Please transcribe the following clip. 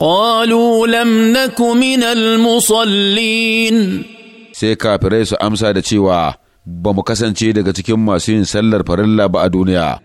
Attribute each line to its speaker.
Speaker 1: قالوا لم نك من
Speaker 2: المصلين sai kafirai su amsa da cewa ba mu kasance daga cikin masu yin sallar farilla ba a duniya